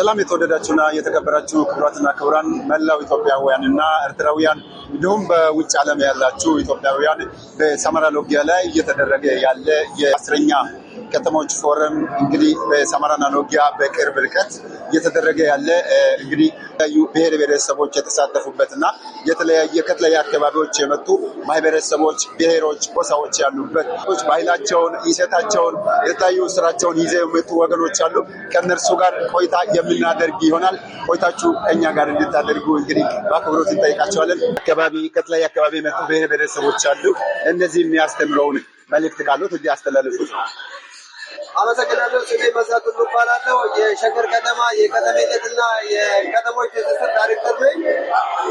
ሰላም የተወደዳችሁና የተከበራችሁ ክብራትና ክብራን መላው ኢትዮጵያውያን እና ኤርትራውያን እንዲሁም በውጭ ዓለም ያላችሁ ኢትዮጵያውያን በሰመራ ሎጊያ ላይ እየተደረገ ያለ የአስረኛ ከተሞች ፎረም እንግዲህ በሰመራና ሎጊያ በቅርብ ርቀት እየተደረገ ያለ እንግዲህ የተለያዩ ብሔር ብሔረሰቦች የተሳተፉበት እና የተለያየ ከተለያየ አካባቢዎች የመጡ ማህበረሰቦች፣ ብሔሮች፣ ጎሳዎች ያሉበት ባህላቸውን፣ ይዘታቸውን፣ የተለያዩ ስራቸውን ይዘው የመጡ ወገኖች አሉ። ከእነርሱ ጋር ቆይታ የምናደርግ ይሆናል። ቆይታችሁ እኛ ጋር እንድታደርጉ እንግዲህ በአክብሮት እንጠይቃቸዋለን። አካባቢ ከተለያየ አካባቢ የመጡ ብሔር ብሔረሰቦች አሉ። እነዚህ የሚያስተምረውን መልእክት ካሉት እንዲያስተላልፉት አመሰግናለሁ። ስሜ መዛቱ እባላለሁ። የሸገር ከተማ የከተሜነትና የከተሞች ትስስር ዳይሬክተር ነኝ።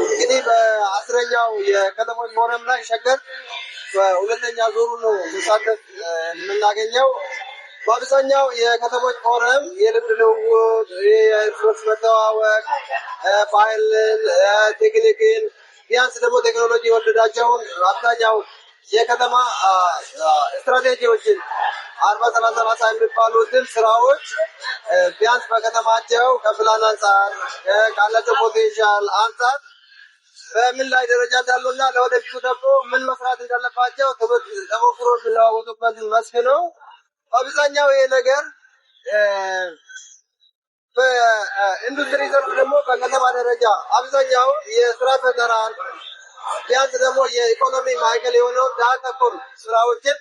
እንግዲህ በአስረኛው የከተሞች ፎረም ላይ ሸገር በሁለተኛ ዙሩ ነው መሳተፍ የምናገኘው። በአብዛኛው የከተሞች ፎረም የልምድ ልውውጥ፣ የሪሶርስ መተዋወቅ፣ ባህልን፣ ቴክኒክን ቢያንስ ደግሞ ቴክኖሎጂ የወለዳቸውን አብዛኛው የከተማ ስትራቴጂዎችን አርባ ሰላሳ ሰላሳ የሚባሉትን ስራዎች ቢያንስ በከተማቸው ከፕላን አንጻር ካላቸው ፖቴንሻል አንጻር በምን ላይ ደረጃ እንዳሉና ለወደፊቱ ደግሞ ምን መስራት እንዳለባቸው ትምህርት ተሞክሮ የሚለዋወጡበት መስክ ነው። አብዛኛው ይሄ ነገር በኢንዱስትሪ ዘርፍ ደግሞ በከተማ ደረጃ አብዛኛው የስራ ፈጠራን ቢያንስ ደግሞ የኢኮኖሚ ማዕከል የሆነው ዳር ተኮር ስራዎችን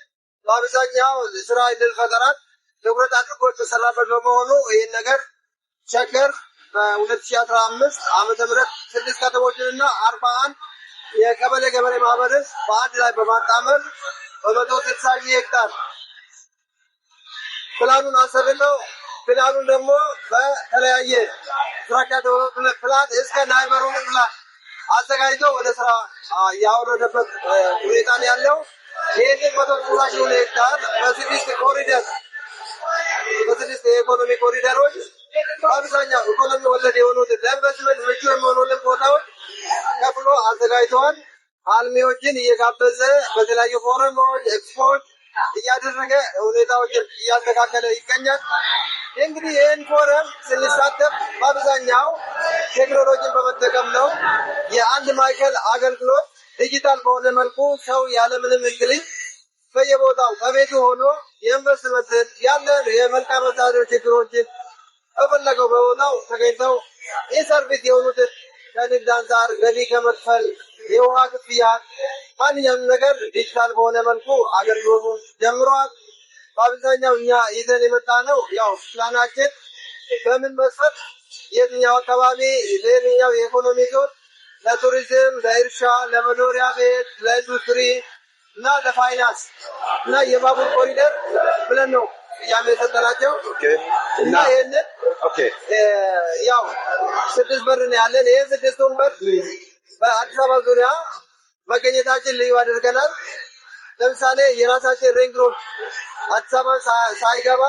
በአብዛኛው ስራ እድል ፈጠራት ትኩረት አድርጎ የተሰራበት በመሆኑ ይህን ነገር ሸገር በሁለት ሺ አስራ አምስት ዓመተ ምህረት ስድስት ከተሞችንና አርባ አንድ የቀበሌ ገበሬ ማህበርን በአንድ ላይ በማጣመር በመቶ ስልሳ ሺህ ሄክታር ፕላኑን አሰርተው ፕላኑን ደግሞ በተለያየ ስትራክቸር ፕላን እስከ ናይበሩ ፕላን አዘጋጅቶ ወደ ስራ ያወረደበት ሁኔታ ነው ያለው። ይህንን መቶ ስልሳ ሺህ ሄክታር በስድስት ኮሪደር በስድስት የኢኮኖሚ ኮሪደሮች አብዛኛው ኢኮኖሚ ወለድ የሆኑት ለኢንቨስትመንት ምቹ የሚሆኑልን ቦታዎች ከፍሎ አዘጋጅተዋል። አልሚዎችን እየጋበዘ በተለያዩ ፎረሞች ኤክስፖርት እያደረገ ሁኔታዎችን እያስተካከለ ይገኛል። እንግዲህ ይህን ፎረም ስንሳተፍ አብዛኛው ቴክኖሎጂን በመጠቀም ነው። የአንድ ማዕከል አገልግሎት ዲጂታል በሆነ መልኩ ሰው ያለምንም እንግልኝ በየቦታው በቤቱ ሆኖ የኢንቨስትመንት ያለ የመልካም አስተዳደር ችግሮችን በፈለገው በቦታው ተገኝተው ይህ ሰርቪስ የሆኑትን ከንግድ አንጻር ገቢ ከመክፈል የውሃ ክፍያ፣ ማንኛውም ነገር ዲጂታል በሆነ መልኩ አገልግሎቱ ጀምረዋል። በአብዛኛው እኛ ይዘን የመጣ ነው ያው ፕላናችን በምን መስፈት የትኛው አካባቢ ለየትኛው የኢኮኖሚ ዞን ለቱሪዝም፣ ለእርሻ፣ ለመኖሪያ ቤት፣ ለኢንዱስትሪ እና ለፋይናንስ እና የባቡር ኮሪደር ብለን ነው ጥያቄ የሰጠናቸው እና ይህንን ያው ስድስት በር ነው ያለን። ይህ ስድስቱን በር በአዲስ አበባ ዙሪያ መገኘታችን ልዩ አድርገናል። ለምሳሌ የራሳችን ሪንግ አዲስ አበባ ሳይገባ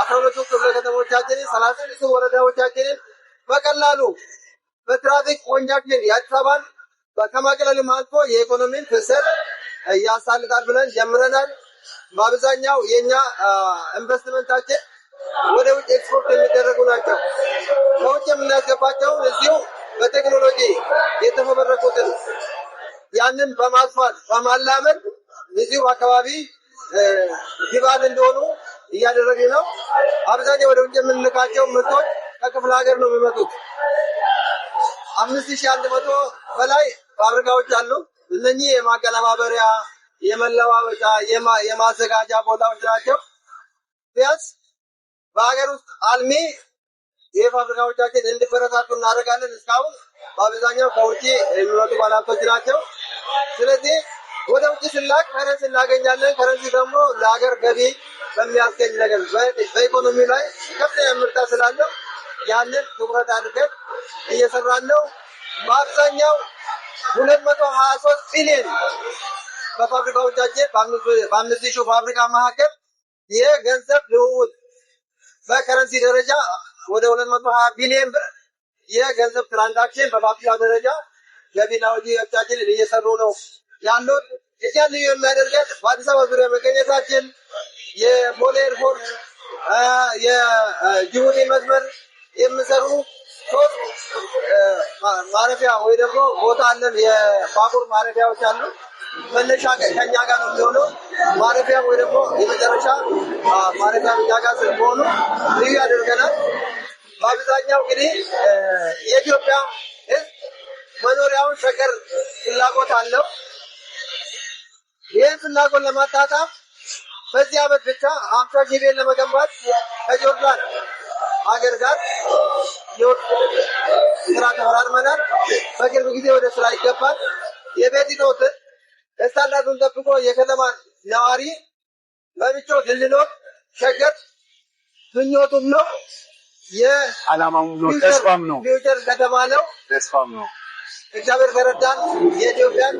አስራ ሁለቱ ክፍለ ከተሞቻችንን ሰላሳ ስድስቱ ወረዳዎቻችንን በቀላሉ በትራፊክ ወንጃችን የአዲስ አበባን ከማቅለልም አልፎ የኢኮኖሚን ፍሰት እያሳልጣል ብለን ጀምረናል። በአብዛኛው የእኛ ኢንቨስትመንታችን ወደ ውጭ ኤክስፖርት የሚደረጉ ናቸው። ከውጭ የምናስገባቸው እዚሁ በቴክኖሎጂ የተፈበረኩትን ያንን በማስፋት በማላመድ እዚሁ አካባቢ ግብዓት እንደሆኑ እያደረግን ነው። አብዛኛው ወደ ውጭ የምንልካቸው ምርቶች ከክፍለ ሀገር ነው የሚመጡት። አምስት ሺህ አንድ መቶ በላይ ፋብሪካዎች አሉ። እነኚህ የማቀለባበሪያ የመለባበጫ የማዘጋጃ ቦታዎች ናቸው። ቢያንስ በሀገር ውስጥ አልሚ የፋብሪካዎቻችን እንዲበረታቱ እናደርጋለን። እስካሁን በአብዛኛው ከውጭ የሚመጡ ባላቶች ናቸው። ስለዚህ ወደ ውጭ ስላክ ከረንስ እናገኛለን። ከረንስ ደግሞ ለሀገር ገቢ በሚያስገኝ ነገር በኢኮኖሚ ላይ ከፍተኛ ምርታ ስላለው ያንን ትኩረት አድርገን እየሰራን ነው። በአብዛኛው ሁለት መቶ ሀያ ሶስት ቢሊዮን በፋብሪካዎቻችን በአምስት ሺ ፋብሪካ መካከል የገንዘብ ልውውጥ በከረንሲ ደረጃ ወደ ሁለት መቶ ሀያ ቢሊዮን ብር የገንዘብ ትራንዛክሽን በፋብሪካ ደረጃ ገቢና ወጪዎቻችንን እየሰሩ ነው ያሉት። የዚያ ልዩ የሚያደርገን በአዲስ አበባ ዙሪያ መገኘታችን የቦሌ ኤርፖርት፣ የጅቡቲ መስመር የሚሰሩ ሶስት ማረፊያ ወይ ደግሞ ቦታ አለን። የባቡር ማረፊያዎች አሉ። መነሻ ከኛ ጋር ነው የሚሆነው። ማረፊያ ወይ ደግሞ የመጨረሻ ማረፊያ እኛ ጋር ስለመሆኑ ልዩ ያደርገናል። በአብዛኛው እንግዲህ የኢትዮጵያ ሕዝብ መኖሪያውን ሸገር ፍላጎት አለው። ፍላጎት ለማጣጣም በዚህ አመት ብቻ ሀምሳ ሺህ ቤት ለመገንባት ከጆርዳን ሀገር ጋር ስራ ተፈራርመናል። በቅርብ ጊዜ ወደ ስራ ይገባል። የቤት ኖት ስታንዳርዱን ጠብቆ የከተማ ነዋሪ በምቾት እንዲኖር ሸገር ምኞቱም ነው። የዓላማውም ነው። ተስፋም ነው። ፊውቸር ከተማ ነው። ተስፋም ነው። እግዚአብሔር ከረዳን የኢትዮጵያን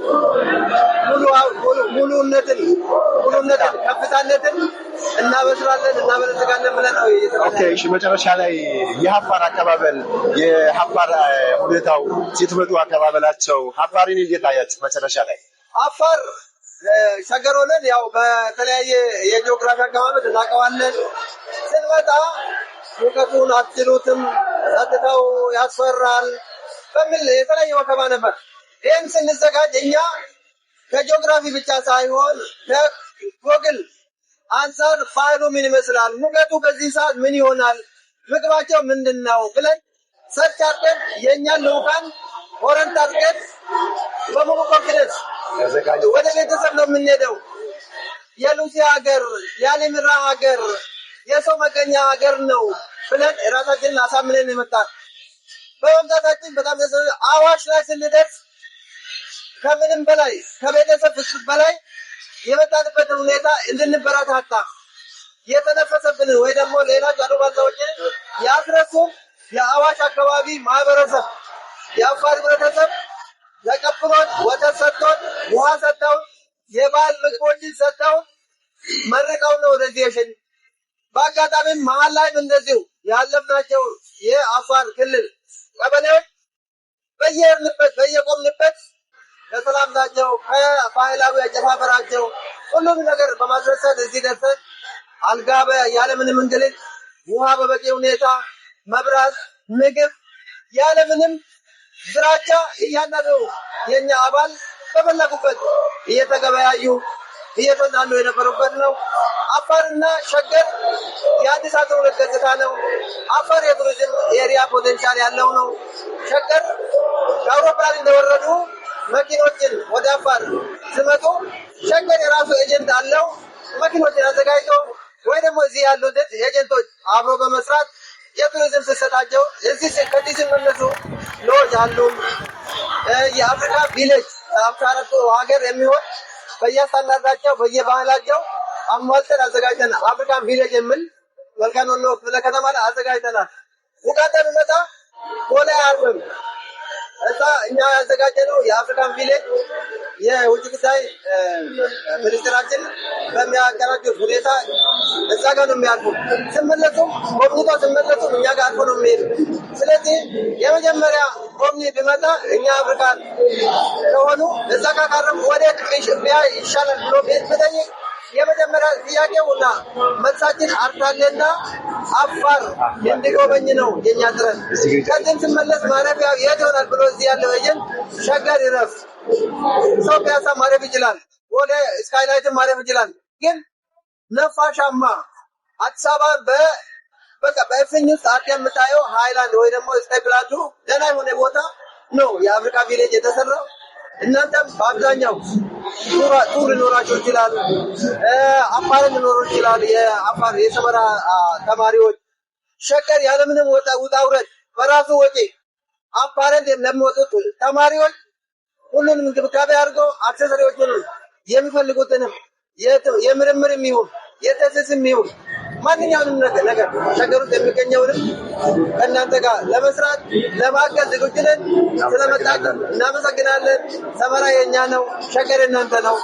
ሙሉነትን ሙሉነትን ከፍታነትን እናበስራለን እናበለጽጋለን ብለን ነው። ኦኬ እሺ፣ መጨረሻ ላይ የሀፋር አቀባበል የሀፋር ሁኔታው ሲትመጡ አቀባበላቸው ሀፋሪን እየታያችሁ መጨረሻ ላይ አፋር ሸገር ሆነን ያው በተለያየ የጂኦግራፊ አቀማመጥ እናቀዋለን። ስንመጣ ሙቀቱን አትችሉትም፣ ጸጥታው ያስፈራል። በሚል የተለየ ወከባ ነበር። ይህም ስንዘጋጅ እኛ ከጂኦግራፊ ብቻ ሳይሆን ከጎግል አንሳር ፋይሉ ምን ይመስላል፣ ሙቀቱ በዚህ ሰዓት ምን ይሆናል፣ ምግባቸው ምንድን ነው ብለን ሰርች አድርገን የእኛን ልውካን ኦረንት አድርገን በሙሉ ኮንፊደንስ ወደ ቤተሰብ ነው የምንሄደው። የሉሲ ሀገር፣ የአሊምራ ሀገር፣ የሰው መገኛ ሀገር ነው ብለን ራሳችንን አሳምነን ይመጣል። በመምጣታችን በጣም ደስ አዋሽ ላይ ስንደርስ ከምንም በላይ ከቤተሰብ ፍስት በላይ የመጣንበትን ሁኔታ እንድንበረታታ የተነፈሰብን ወይ ደግሞ ሌላ አሉባልታዎችን ያስረሱም የአዋሽ አካባቢ ማህበረሰብ የአፋር ህብረተሰብ ተቀብሎን ወተት ሰጥቶን ውሃ ሰጥተውን የባህል ምግቦችን ሰጥተውን መርቀው ነው ወደዚህ የሸኙ። በአጋጣሚም መሀል ላይም እንደዚሁ ያለፍናቸው የአፋር ክልል ቀበሌዎች በየሄድንበት በየቆምንበት ለሰላምታቸው ከባህላዊ አጨፋፈራቸው ሁሉም ነገር በማስረሰል እዚህ ደርሰን አልጋ ያለምንም እንግልት ውሃ በበቂ ሁኔታ መብራት፣ ምግብ ያለምንም ዝራቻ እያንዳንዱ የኛ አባል በፈለጉበት እየተገበያዩ እየተዝናኑ የነበሩበት ነው። አፋርና ሸገር የአዲስ አበባ ሁለት ገጽታ ነው። አፈር የቱሪዝም ኤሪያ ፖቴንሻል ያለው ነው። ሸገር ከአውሮፕላን እንደወረዱ መኪኖችን ወደ አፋር ስመጡ ሸገር የራሱ ኤጀንት አለው። መኪኖችን አዘጋጅቶ ወይ ደግሞ እዚህ ያሉ ኤጀንቶች አብሮ በመስራት የቱሪዝም ስሰጣቸው እዚህ ከዚህ ሲመለሱ ሎጅ አሉ። የአፍሪካ ቪሌጅ አፍሪካ ሀገር የሚሆን በየስታንዳርዳቸው በየባህላቸው አሟልተን አዘጋጅተናል። አፍሪካን ቪሌጅ የምል መልካን ወሎ ክፍለ ከተማ አዘጋጅተናል። ሙቀት ቢመጣ ሆነ አያርፍም። እዛ እኛ ያዘጋጀነው የአፍሪካን ቪሌጅ የውጭ ጉዳይ ሚኒስትራችን በሚያቀራጁት ሁኔታ እዛ ጋር ነው የሚያልፉ። ስመለሱም ጎብኝቶ ስመለሱም እኛ ጋር አልፎ ነው የሚሄዱ። ስለዚህ የመጀመሪያ ጎብኚ ቢመጣ እኛ አፍሪካን ከሆኑ እዛ ጋር ካረፉ ወደ ቅሽ ኢትዮጵያ ይሻላል ብሎ ቤት ብጠይቅ የመጀመሪያ ጥያቄውና መልሳችን አርታሌና አፋር እንዲጎበኝ ነው የኛ ጥረት። ከዚህም ስመለስ ማረፊያ የት ይሆናል ብሎ እዚህ ያለ ወይን ሸገር ይረፍ፣ ሰው ፒያሳ ማረፍ ይችላል፣ ወደ ስካይላይትን ማረፍ ይችላል። ግን ነፋሻማ አዲስ አበባ በ በቃ በእፍኝ ውስጥ አርዳ የምታየው ሃይላንድ ወይ ደግሞ ስታይፕላንዱ ደህና የሆነ ቦታ ነው የአፍሪካ ቪሌጅ የተሰራው እናንተም በአብዛኛው ጡር ሊኖራቸው ይችላሉ። አፋር ሊኖሩ ይችላሉ። የአፋር የሰመራ ተማሪዎች ሸገር ያለምንም ውጣ ውረድ በራሱ ወጪ አፋርን ለሚወጡት ተማሪዎች ሁሉንም እንክብካቤ አድርጎ አክሰሰሪዎችንም የሚፈልጉትንም የምርምር ይሁን የተስስ ይሁን ማንኛውንም ነገር ሸገር ውስጥ የሚገኘውንም ከእናንተ ጋር ለመስራት ለማገዝ ዝግጁ ነን። ስለመጣችሁ እናመሰግናለን። ሰመራ የኛ ነው፣ ሸገር የእናንተ ነው።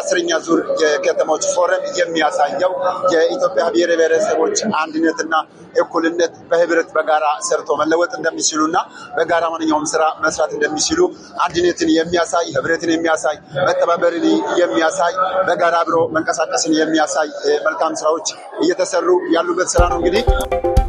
አስረኛ ዙር የከተሞች ፎረም የሚያሳየው የኢትዮጵያ ብሔር ብሔረሰቦች አንድነትና እኩልነት በህብረት በጋራ ሰርቶ መለወጥ እንደሚችሉና በጋራ ማንኛውም ስራ መስራት እንደሚችሉ አንድነትን የሚያሳይ ህብረትን የሚያሳይ መተባበርን የሚያሳይ በጋራ አብሮ መንቀሳቀስን የሚያሳይ መልካም ስራዎች እየተሰ እየሰሩ ያሉበት ስራ ነው እንግዲህ